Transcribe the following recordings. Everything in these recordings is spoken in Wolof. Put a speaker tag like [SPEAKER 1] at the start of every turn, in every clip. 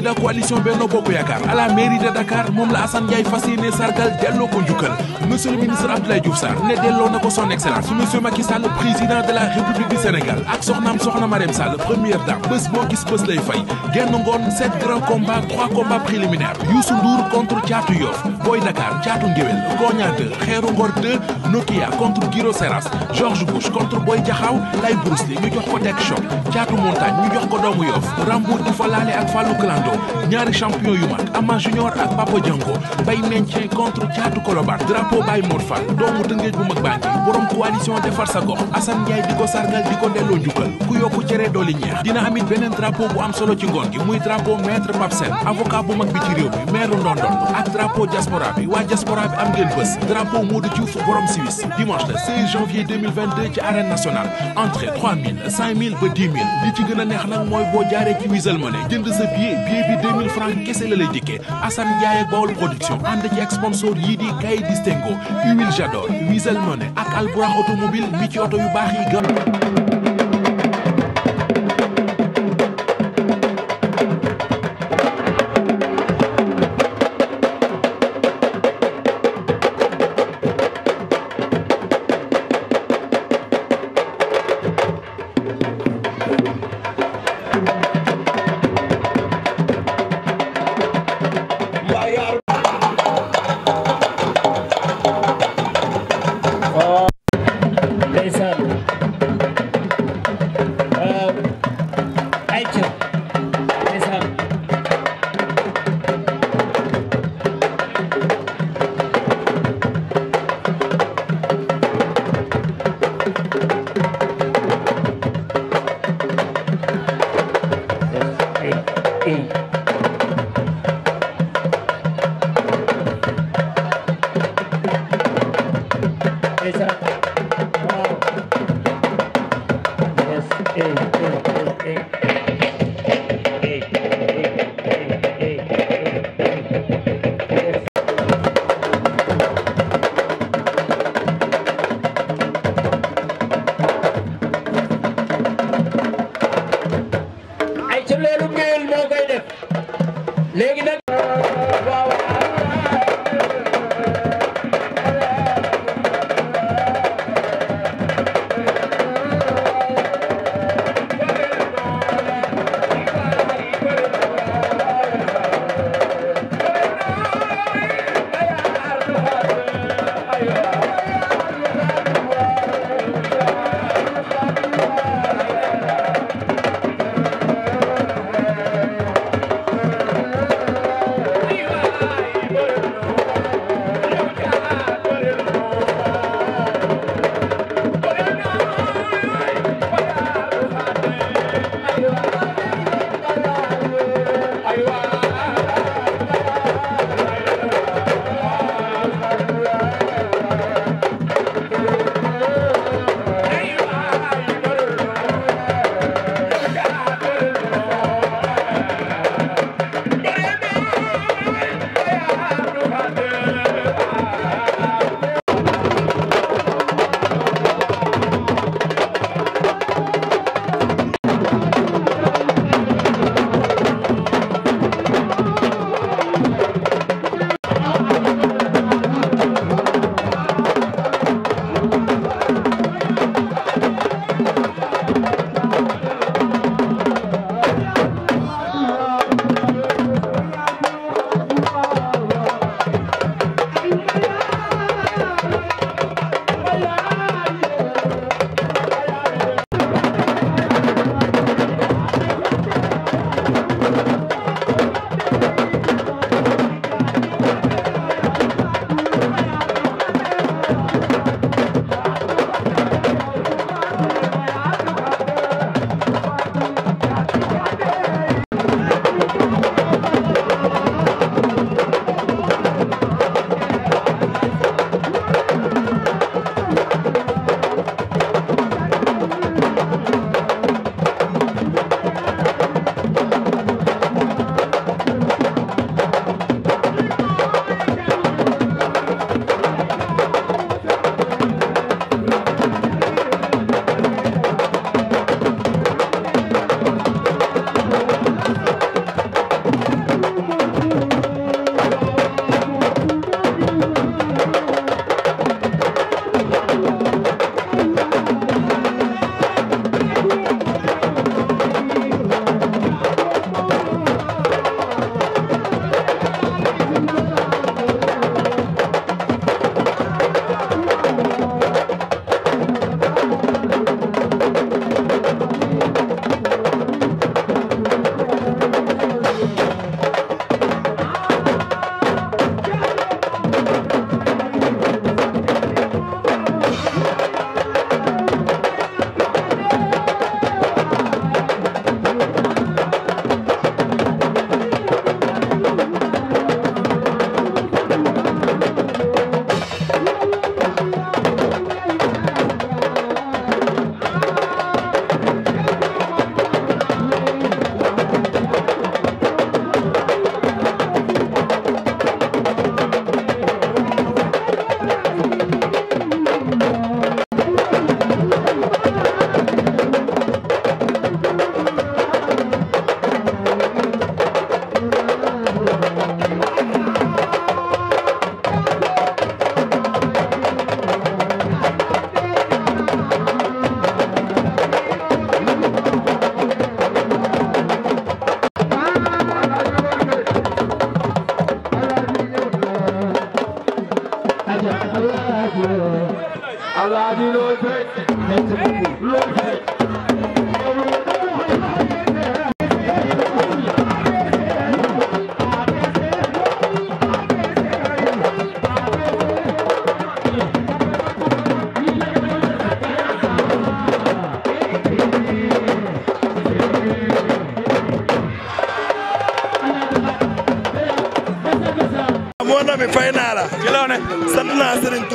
[SPEAKER 1] da coalition Benno Bokk Yaakaar a la mairie de Dakar moom la Assane Ndiaye fas sargal delloo ko njukkal monsieur le ministre Abdoulaye Diouf Sarr ne delloo na ko son excellence monsieur Macky Sall président de la République du Sénégal ak soxnaam soxna Marème Sall première dame bés boo gis bés lay fay genn ngoon sept grands combats trois combats préliminaires Youssou Ndour contre Thiatou Boy Dakar Thiatou Ngéwél Koña 2 Modou ñaari champion yu mag Ama Junior ak Papa Django Bay Mencen contre Caatu Kolobar drapeau Bay Mor doomu Tëngéej bu mag bànki di ko sargal di ko delloo njukkal ku yokku cere dooli ñeex dina amit beneen drapeau bu am solo ci ngoon gi muy drapeau maître Mapsen avocat bu mag bi ci réew mi maire Ndondon ak drapeau diaspora bi waa diaspora bi am ngeen bés drapeau Modou Diouf borom Suisse dimanche le janvier ci arène nationale entrée ba li ci gën a neex nag mooy boo prix bi 2000 francs kese la lay dikkee Assane Ndiaye ak Baol production ànd ci ak sponsor yii di Kay Distingo huile J'adore Weasel Money ak Albourakh automobile mi ci oto yu baax yi gën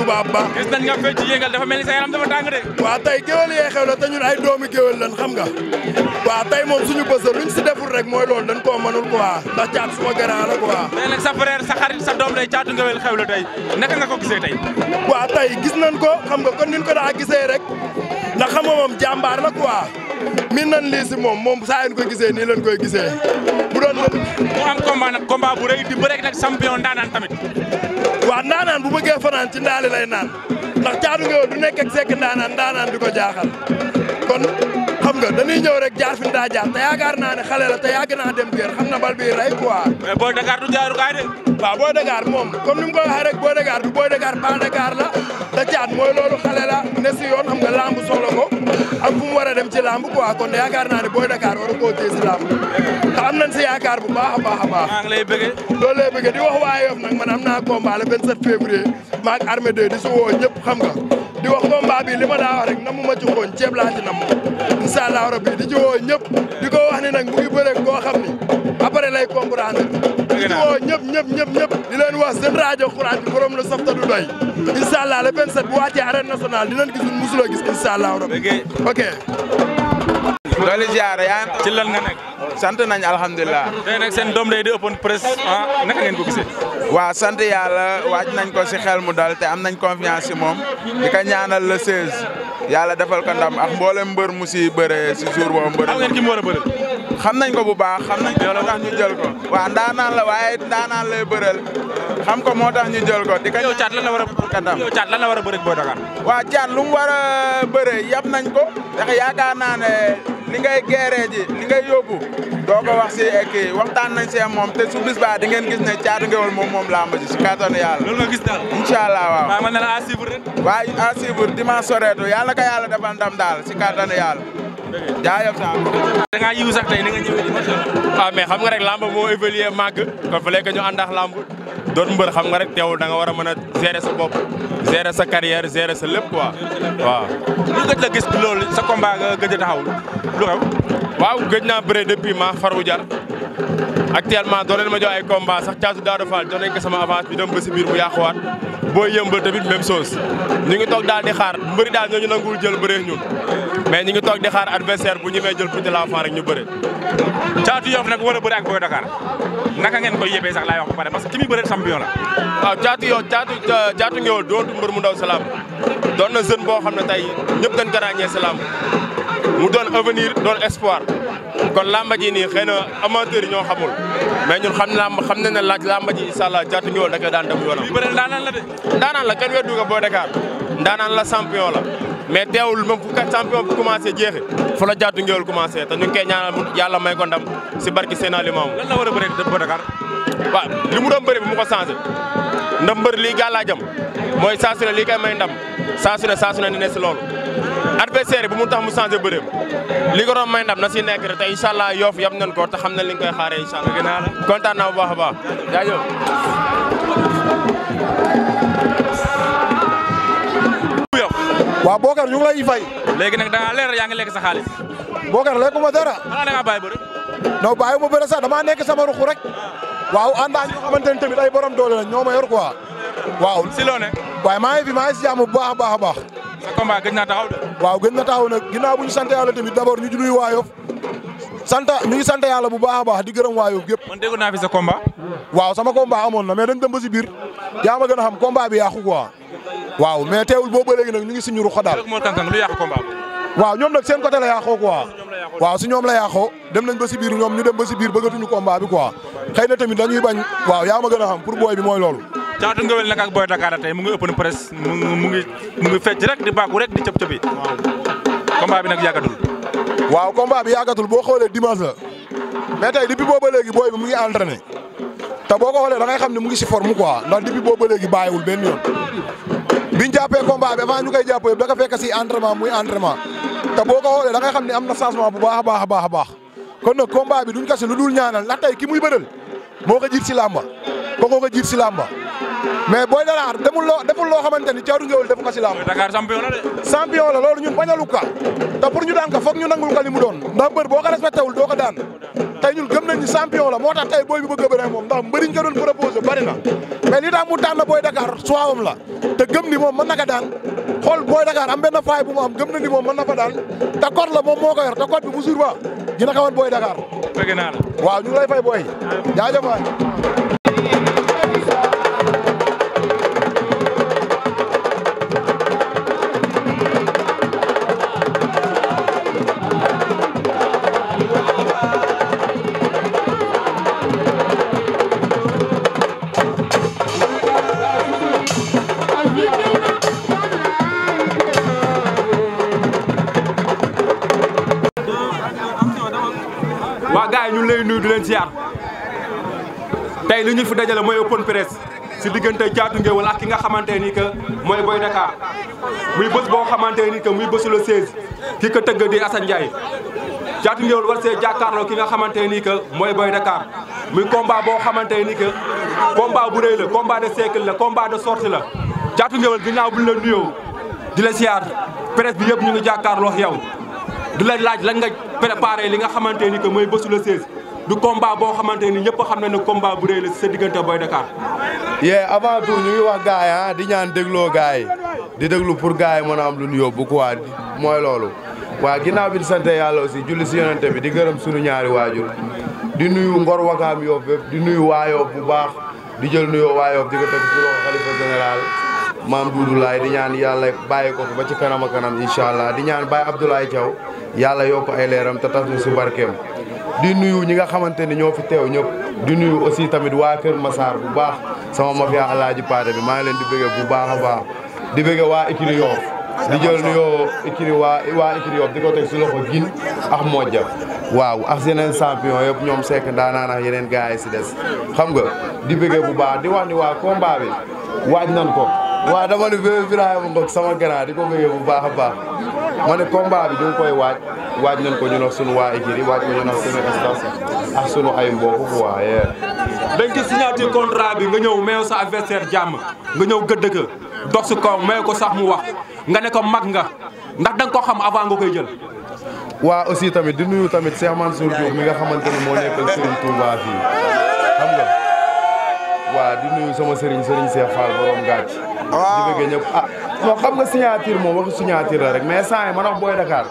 [SPEAKER 2] Touba bu baax. gis nañ nga fecc yëngal dafa mel ni sa yaram dafa tàng de. waaw tey géwél yee xew la te ñun ay doomi géwél lan xam nga waaw moom suñu bës la luñ si deful rek mooy loolu dañ koo mënul quoi ndax caat suma grand la quoi.
[SPEAKER 3] mais sa frère sa xarit sa doom day caatu géwél
[SPEAKER 2] xew la tey naka nga ko gisee tey. waaw tey gis nañ ko xam nga kon niñ ko daa gisee rek ndax xam nga moom jàmbaar la quoi a nañ lii si moom moom sa yéen ko gisee nii lañ koy e doon bëri. mu am combat nag combat bu rëy di bëreeg nag champion ndaanaan tamit. waaw ndaanaan bu bëggee fanaan ci ndaali lay naan ndax caadu ngeewal du nekk ak sekk ndaanaan ndaanaan di ko jaaxal kon xam nga dañuy ñëw rek jaar fi mu daa jaar te yaakaar naa ne naa dem kër xam na bal bi ray quoi. mais booy Dakar du jaarukaay de. waaw Boy Dakar moom comme ni mu ko waxee rek Boy Dakar du Boy Dakar Ba la te caat mooy loolu xale la ne si yoon xam nga lamb ko ak fu mu a dem ci lamb quoi kon yaakaar naa ne Boy Dakar war koo téye si lamb am nañ si yaakaar bu baax a baax a baax. maa ngi lay bëggee. loolu lay bëggee di wax waa Yoff nag man am naa combat le 27 février maak armée 2 di si woo ñëpp xam nga di wax combat bi li ma daa wax rek namu ma ci xooñ ceeb laa ci nam incha allah rabbi di ci woo ñëpp di ko wax ne mu ngi bëre koo xam ni di woo ñëpp ñëpp ñëpp di leen wax seen rajo xuraan bi borom la safta du doy incha allah le 27 bu wàccee arène nationale di leen gis ñun gis incha
[SPEAKER 1] allah ok dooli ziar yaa ci lan nga nekk sant nañ alhamdulilah tey nag seen doom day di open press ah naka ngeen ko gisee waaw sant waaj nañ ko si xel mu dal te am nañ confiance si moom di ko ñaanal le 16 yàlla defal ko ndam ak mboole mbër mu si bëree si jour boobu mbër ngeen ki mu war a xam nañ ko bu baax xam nañ ko tax ñu jël ko waaw ndaanaan la waaye ndaanaan lay bëreel xam ko moo tax ñu jël ko di ko ñëw caat lan la war a kanam ñëw caat lan war a bëre Boy Dakar waaw caat lu mu war a yab nañ ko ndax yaakaar naa ne li ngay geeree ji li ngay yóbbu doo ko wax si kii waxtaan nañ see moom te su baa di ngeen gis ne caat ngewal moom moom laa ma ji si kàttanu yàlla loolu nga gis a incha allah waaw maa ngi ne la à suivre soreetu yàlla na ko yàlla defal ndam daal si kàttanu yàlla jaajëf saa
[SPEAKER 3] da ngaa yiw sax tey ni nga ñëwee di macha allah. mais xam nga rek lamb moo évolué màgg kon fa léegi ñu àndaax lamb doon mbër xam nga rek teewul da nga war a mën a gérer sa bopp gérer sa carrière gérer sa lépp quoi waaw. lu gëj la gis loolu sa combat nga gëj a taxawul lu xew. gëj naa bëre depuis ma faru jar. actuellement doon nañ ma jox ay combat sax caatu Daara Fall jox nañ ko avance bi dem ba si biir boo yëmbal tamit même ñu ngi toog daal di xaar mbëri daal ñooñu nanguwul jël bëree ñun mais ñu ngi toog di xaar adversaire bu ñemee jël Petit L'Enfant rek ñu bëre. caatu Yoff nag war a bëri ak Boy Dakar naka ngeen koy yebee sax laa wax ba pare parce que ki muy bëre champion la. waaw caatu Yoff caatu caatu Ngéwél dootu mbër mu ndaw salaam doon na jeune boo xam ne tey ñëpp dañ ko ràññee salaam mu doon avenir doon espoir. kon lamba ji nii xëy na amateur yi ñoo xamul mais ñun xam naa xam nañ ne laaj lamba ji incha allah jaatu ngi woon da koy daan dem ndaanaan la de. ndaanaan la kenn weddu ko boo Dakar ndaanaan la champion la mais teewul moom fu kat champion bu commencé jeexee fa la jaatu ngeewul commencé te ñu ngi ko ndam si barki seen alimam. a bëree li mu doon bëri mu ko changé ndam lii gàllaajam mooy saa ne lii koy may ndam saa ne saa su ne ne si loolu. adversaire bu mu tax mu changé bëreem li ko doon may ndam na si nekk rek te incha allah yoof yam nañ ko te xam na li nga koy xaaree incha allah. gën a la bu baax a baax jaajëf.
[SPEAKER 4] waaw Bokar ñu ngi lay léegi nag da ngaa leer yaa ngi lekk sa xaalis. Bokar lekkuma dara. xanaa da ngaa bàyyi bëri. non sax damaa nekk sama ruq rek. waaw ànd ak ñoo xamante ne tamit ay borom doole la ñoo ma yor quoi. waaw si loo ne. waaye maa ngi fi maa ngi si jàmm bu sa naa taxaw waaw gëj na taxaw nag ginnaaw bu ñu sant yàlla tamit d'abord ñu julli waayof sant ñu ngi sant yàlla bu baax baax di gërëm waayof yëpp. man dégg naa fi sa combat. waaw sama combat amoon na mais dañ dem ba si biir yaa ma gën a xam combat bi yàqu quoi waaw mais teewul boobu ba léegi nag ñu ngi daal.
[SPEAKER 3] moo tànk lu yàq combat
[SPEAKER 4] waaw ñoom nag seen côté la yàqoo quoi waaw si ñoom la yàqoo dem nañ ba si biir ñoom ñu dem ba si biir bëggatuñu combat bi quoi xëy na tamit dañuy bañ waaw yaa ma gën a xam pour booy bi mooy loolu Caatu
[SPEAKER 3] Ngéwél nag ak Boy Dakar tey mu ngi open press mu ngi mu rek di bàkku rek di cëp cëpi. waaw combat bi nag yàggatul.
[SPEAKER 4] waaw combat bi yàggatul boo xoolee dimanche la mais tey depuis booba léegi booy bi mu ngi entraîné te boo ko xoolee da ngay xam ne mu ngi si forme quoi ndax depuis booba léegi bàyyiwul benn yoon. biñ jàppee combat bi avant ñu koy jàpp yëpp da nga fekk si entraînement muy entraînement te boo ko xoolee da ngay xam ne am na changement bu baax a baax a baax a baax kon nag combat bi duñ kasi lu dul ñaanal ndax tey ki muy bëral moo ko jiit si làmba ko ko jiit si làmba mais Boy Dakar deful loo loo xamante ni Thiatou Nguéweul def ko si lamb. Dakar champion la de. champion la loolu ñun bañalu ka te daan ko foog ñu nangul ka doon ndax mbër boo ko respecté wul doo ko daan tey ñun gëm nañ ni la moo tax tey booy bi bëgg moom ndax mbëriñ ko doon proposé bari na mais li tax mu suwaawam la te gëm ni moom mën na ko daan xool Boy Dakar am benn faay bu mu am gëm na moom mën na fa daan te la moom moo ko yor te code bi bu jour ba dina
[SPEAKER 3] li ñu fi dajale mooy open press si diggante Thiatou Nguéweul ak ki nga xamante nii que mooy Boy Dakar muy bés boo xamante ni que muy bésu le 16 ki ko tëgg di Assane Ndiaye Thiatou Nguéweul war see jàkkaarloo ki nga xamante nii que mooy Boy Dakar muy combat boo xamante ni que combat bu rëy la combat de la combat de sortie la Thiatou gi naaw bu ñu la nuyoo di la siyaar presse bi yëpp ñu ngi jàkkaarloo yow du la laaj lan nga préparé li nga xamante ni mooy bésu le du combat boo xamante ni ñëpp xam na ne combat bu rëy la sa diggante Boy Dakar.
[SPEAKER 5] yee avant tout ñu ngi wax gars yi ah, di ñaan dégloo gars yi di déglu pour gars yi mën a am lu ñu yóbbu quoi mooy loolu. waaw ginnaaw bi di sant yàlla aussi julli si yonente bi di gërëm sunu ñaari waajur di nuyu ngor wakaam yoof yëpp di nuyu waayoof bu baax di jël nuyoo waayoof di ko teg ci loxo xalifa général maam di ñaan yàlla bàyyi ko ba ci kanam a kanam incha allah di ñaan Baye Abdoulaye Thiaw yàlla yokk ay leeram te tas di nuyu ñi nga xamante ni ñoo fi teew ñëpp di nuyu aussi tamit waa Kër Massar bu baax sama mafia alaaji paate bi maa ngi leen di bëgge bu baax a baax di bëgge waa Ikiri Yoff di jël nuyoo Ikiri waa waa Ikiri di ko teg si loxo gin ak Modja waaw ak yeneen champion yëpp ñoom Seck daanaan ak yeneen gars yi si des xam nga di bëgge bu baax di wax ni waa combat bi waaj nan ko waa dama ni bébé Birahima Ngok sama ganaar di ko bëgge bu baax a baax ma ne combat bi ñu ngi koy waaj waaj nañ ko ñu nax sunu waa écurie waaj ko ñu nax sunu staff ak sunu ay mbokk quoi yee dañ ci signature contrat bi nga ñëw meew sa adversaire jàmm
[SPEAKER 3] nga ñëw gëdd ka dox si kaw meew ko sax mu wax nga ne ko mag nga ndax da nga ko xam avant nga koy jël
[SPEAKER 5] waa aussi tamit di nuyu tamit Cheikh Mansour Diouf mi nga xamante ni moo nekkal Serigne Touba fii xam nga waa di nuyu sama Serigne Serigne Cheikh Fall borom gàcc di bëgg ñëpp ah non xam nga signature moom waxu signature la rek mais saa yi man wax booy Dakar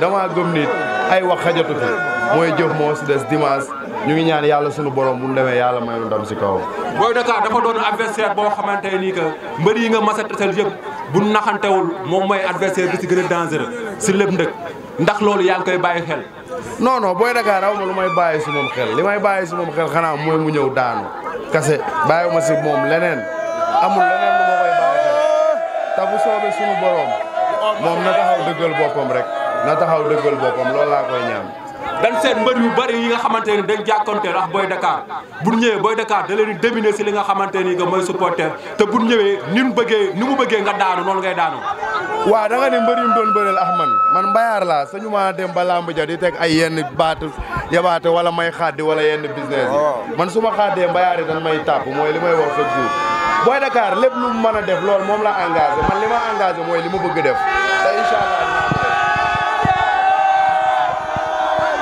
[SPEAKER 5] dama gëm nit ay wax xajatu fi mooy jëf moo si des dimanche ñu ngi ñaan yàlla sunu borom bu ñu demee yàlla may lu ndam si kawam.
[SPEAKER 3] booy Dakar dafa doon adversaire boo xamante nii que mbër yi nga mas a taseel yëpp bu naxantewul moom mooy adversaire bi si gën a dangereux
[SPEAKER 5] si lépp ndëkk ndax loolu yaa ngi koy bàyyi xel. non non booy Dakar aw ma lu may bàyyi si moom xel li may bàyyi si moom xel xanaa daanu kase bàyyiwuma si moom leneen te bu soobee suñu boroom moom na taxaw dëggal boppam rek na taxaw dëggal boppam loolu laa koy ñaan.
[SPEAKER 3] dañ seet mbër yu bari yi nga xamante ni dañ jàkkonteel ak Boy Dakar bu ñëwee Boy Dakar da leen di si li nga xamante ni que mooy supporter te bu
[SPEAKER 5] ñëwee ni mu bëggee mu bëggee nga daanu noonu ngay daanu. waa da nga mbër yi mu doon bëreel man man mbayaar laa sañu maa dem ba bu ja di teg ay yenn baatu yabaate wala may xaddi wala yenn business yi. man su ma xaddee mbayaar yi dañ may tàpp mooy li may wax Boy Dakar lépp lu mu mën a def loolu moom la engagé man li ma engagé mooy li ma bëgg def te incha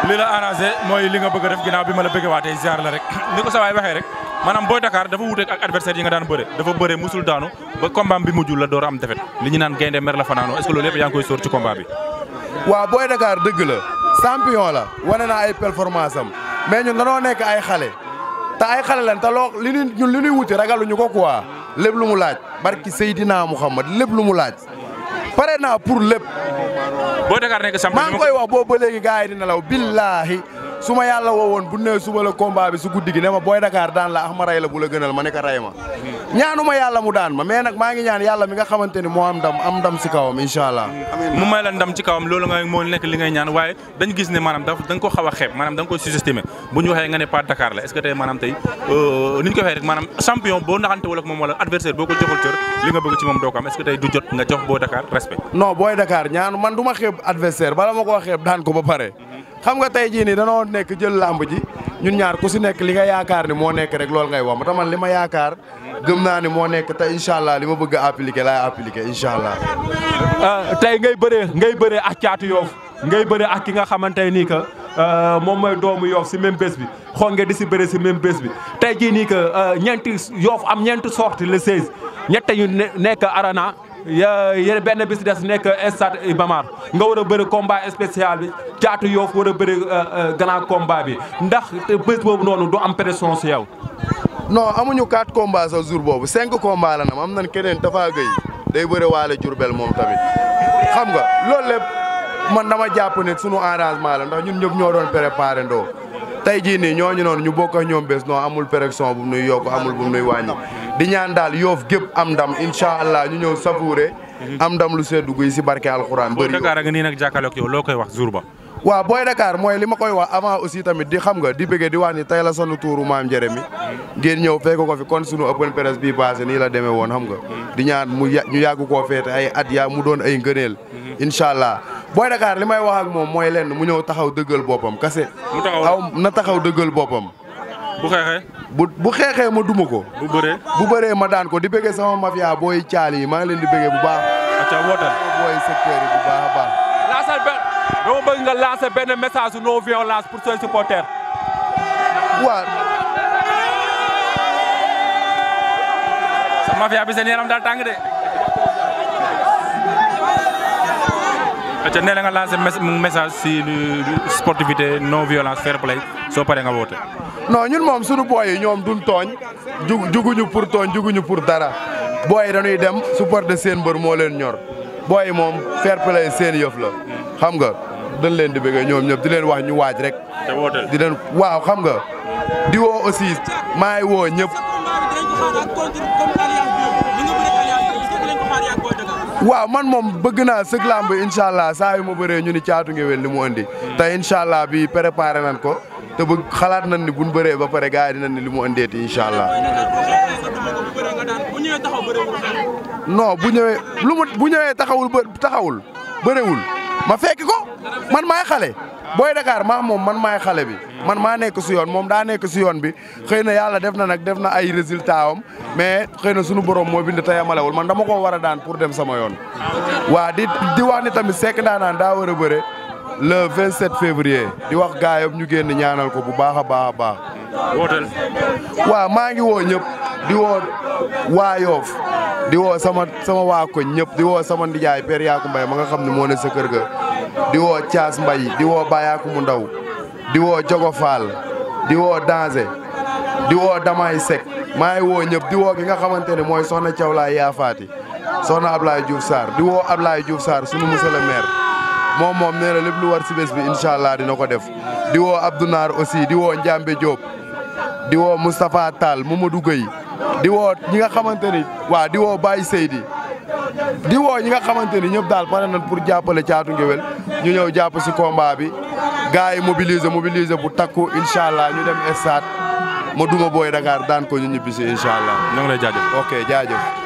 [SPEAKER 3] li la arrangé mooy li nga bëgg a def ginnaaw bi ma la bëgg waatee ziar la rek ni ko sa waay waxee rek maanaam Boy Dakar dafa wuuteeg ak adversaire yi nga daan bëre dafa bëre musul daanu ba combat bi mujjul la door am defet li ñu naan gaynde mer la fanaanoo est-ce que loolu yëpp yaa ngi koy sóor ci combat bi
[SPEAKER 5] waaw Boy Dakar dëgg la champion la wane naa ay performance mais ñun dañoo nekk ay xale te ay xale lan te loo li ñuy ñun li ñuy wuti ragaluñu ko quoi lépp lu mu laaj barki Seydina Muhammad lépp lu mu laaj pare naa pour lépp. boo Dakar nekk samedi maa ngi koy wax boobu ba léegi yi di nelaw billaahi su ma yàlla woo woon bu ne suba la combat bi su guddi gi ne ma booy Dakar daan la ax ah ray la bu la gënal ma ne ray ma ñaanu ma yàlla mu daan ma mais maa ngi ñaan yàlla mi nga xamante ni moo am ndam am ndam si kawam incha allah mu
[SPEAKER 3] may la ndam ci kawam loolu nga moo nekk li ngay ñaan waaye dañ gis ne maanaam da ko xaw a xeeb maanaam da nga ko sous bu ñu waxee nga ne pas Dakar la est-ce tey maanaam tey euh, ni ñu ko waxee rek maanaam champion boo naxante
[SPEAKER 5] wala xam nga tey jii nii danoo nekk jël làmb ji ñun ñaar ku si nekk li nga yaakaar ni moo nekk rek loolu ngay wax ma tax li ma yaakaar gëm naa ni moo nekk te incha allah li ma bëgg a appliquer laay appliquer incha allah. Ah, tey ngay bëree ngay bëree
[SPEAKER 3] ak caatu yoof ngay bëree ak ki nga xamante nii que euh, moom mooy doomu yoof si même bés bi xonge di si bëri si même bés bi tey jii nii que euh, ñeenti yoof am ñeenti sorti le 16 ñette ñu nekk arana. ya benn bis nekk stade Iba Mar nga war a bëri combat spécial bi caatu yoof war a bëri euh, euh, grand combat bi ndax bés
[SPEAKER 5] boobu noonu du am pression si yow. non amuñu quatre combats sa boobu cinq combats am nañ keneen Tafa Gueye day bëre waale Jurbel moom tamit xam nga loolu lépp man dama jàpp ne sunu arrangement la ndax ñun ñëpp ñoo doon préparé ndoo tey jii nii ñooñu noonu ñu bokk ak ñoom bés non amul pression bu nuy yokk amul bu nuy wàññi. di ñaan daal yoof gépp am ndam incha allah ñu ñëw savouré. am ndam lu seddu guy si barke alxuraan. bëri Dakar
[SPEAKER 3] nga nii nag jàkkaarloog yow loo koy wax jour ba.
[SPEAKER 5] waaw booy Dakar mooy li ma koy wax avant aussi tamit di xam ga di bëggee di wax ni tey la sanu tuuru maam Jérémy ngeen ñëw fekk ko fi kon sunu open press bi passé ni la demee woon xam nga. di ñaan mu ñu yàgg koo feete ay at yaa mu doon ay ngëneel. incha allah booy Dakar li may wax ak moom mooy lenn mu ñëw taxaw dëggal boppam kase. mu taxaw na taxaw dëggal boppam. bu xeexee. bu bu ma duma ko. bu bëree bu bëree ma daan ko di bëggee sama mafia booy caali yi maa ngi leen di bëggee bu baax. acca wootal booy secteur yi bu baax a baax.
[SPEAKER 3] benn dama bëgg nga benn message non violence pour ses supporters. waaw. sa mafia bi seen yaram de. te nee na nga lancé message si sportivité non violence fair play soo paree nga woote.
[SPEAKER 5] non ñun moom suñu booy ñoom duñ tooñ jug juguñu pour tooñ juguñu pour dara booy dem su dem supporter seen mbër moo leen ñor booy yi moom fair play seen yëf la xam nga dañ leen di bëggee ñoom ñëpp di leen wax ñu waaj rek. te woote di leen waaw xam nga di woo aussi maay woo ñëpp. waaw man moom bëgg naa sëg làmb incha allah saa yu ma bëree ñu ni caatu ngewel li mu andi. te incha allah bi préparé nañ ko te bëgg xalaat nañ ni bu ñu ba pare gars yi dinañ ni li mu andeeti incha allah. bu ñëwee lu mu bu ñëwee taxawul bë taxawul bëreewul ma fekk ko man maay xale. booy Dakar maa moom man maay xale bi man maa nekk si yoon moom daa nekk si yoon bi xëy na yàlla def na nag def na ay résultat am mais xëy na sunu borom moo bind te yamalewul man dama ko war a daan pour dem sama yoon waa di di wax ni tamit Seck Ndanane daa war a bëre le 27 février di wax gaayam ñu génn ñaanal ko bu baax a baax a baax
[SPEAKER 3] wooteel.
[SPEAKER 5] maa ngi woo ñëpp di woo waa di woo sama sama waa ñëpp di woo sama ndijaay Père Yaaku Mbaye ma nga xam ne moo ne sa kër ga di woo caas mbay di woo Bayaaku mu ndaw di woo Jogo Fall di woo Danger di woo Damay sek maa ngi woo ñëpp di woo ki nga xamante ne mooy soxna Thiawlaay Yaafaati soxna Ablaye Diouf Sarr di woo Ablaye Diouf Sarr sunu monsieur le maire moom moom nee na lépp lu war si bés bi incha allah dina ko def di woo Abdou Naar aussi di woo Njambe Diop di woo Moustapha Tall Mamadou Gueye di woo ñi nga xamante ni waa di woo Baye Seydi di woo ñi nga xamante ni ñëpp daal pare nañ pour jàppale caatu ngéwél ñu ñëw jàpp si combat bi gars yi mobiliser mobiliser bu takku incha allah ñu dem stade ma duma booy Dakar daan ko ñu ñibbisi incha allah. ñoo ngi lay jaajëf ok jaajëf.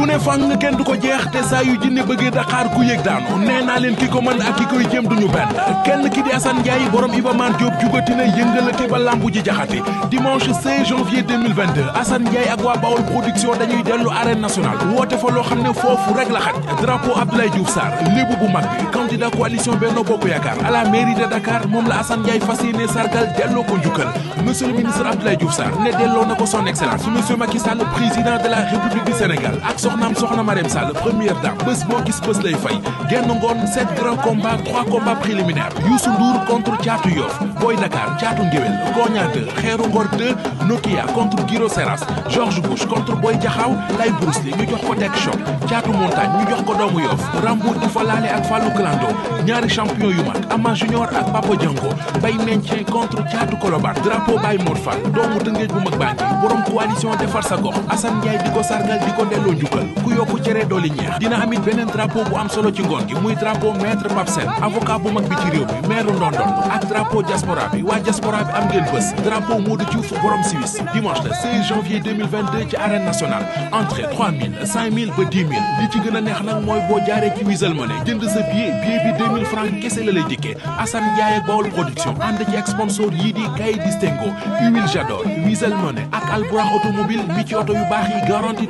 [SPEAKER 1] lu ne fàng kenn du ko jeex te saa yu jinne bëggee Dakar ku yëg daanu nee naa leen ki ko mën ak ki koy jéem duñu benn kenn ki di Assane Ndiaye borom Iba Mar Diop jugati ba lambu ji dimanche 16 janvier 2022 Assane ak waa Bawol production dañuy dellu arène nationale woote fa loo xam ne foofu rek la xaj drapeau Abdoulaye Diouf Sarr lébu bu mag bi candidat coalition Bokk Yaakaar à de Dakar moom la Assane Ndiaye fas yéene sargal delloo soxnaam soxna Marème Sall première dame bés boo gis bés lay fay genn ngoon sept grands combats trois combats préliminaires Youssou Ndour contre Thiatou Yoff Boy Dakar Thiatou Ngéwél Koña 2 Xeeru Ngor 2 Nokia contre Giro Seras George Bush contre Boy Jaxaw Lay Bruce Lee ñu jox ko Tek Choc Thiatou Montagne ñu jox ko doomu Yoff Rambour di fa laale ak Fallou Clando ñaari champion yu mag Ama Junior ak Papa Django Bay Mentien contre Thiatou Kolobar drapeau Bay Mor doomu Tëngéej bu mag baa ngi borom jëmbal ku yokku cere dooli ñeex dina amit beneen drapeau bu am solo ci ngoon gi muy drapeau maître Pape Sène bu mag bi ci réew mi maire Ndondon ak drapeau diaspora bi waa diaspora bi am ngeen bés drapeau Modou Diouf borom Suisse dimanche le janvier ci arène nationale entrée ba li ci gën a neex nag mooy boo jaaree ci Wizall jënd sa billet billet bi francs kese la lay dikkee Assane Ndiaye ak Bawol production ànd ci ak yii di Kay Distingo Huile Jador